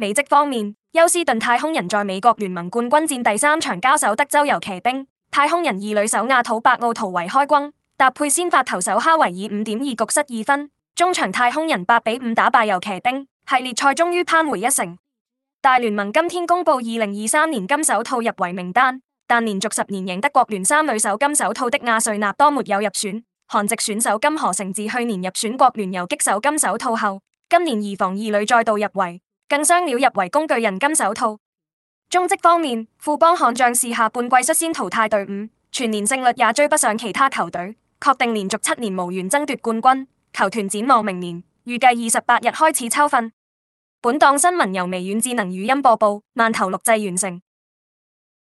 美職方面，休斯敦太空人在美國聯盟冠軍戰第三場交手德州游騎兵，太空人二壘手亞土百奧圖維開轟，搭配先發投手哈維爾五點二局失二分，終場太空人八比五打敗遊騎兵，系列賽終於攀回一城。大聯盟今天公布二零二三年金手套入圍名單，但連續十年贏得國聯三壘手金手套的亞瑞納多沒有入選，韓籍選手金河成自去年入選國聯游擊手金手套後，今年移防二壘再度入圍。更傷了入圍工具人金手套。中職方面，富邦悍將是下半季率先淘汰隊伍，全年勝率也追不上其他球隊，確定連續七年無緣爭奪冠軍。球團展望明年，預計二十八日開始抽分。本檔新聞由微軟智能語音播報，慢投錄製完成。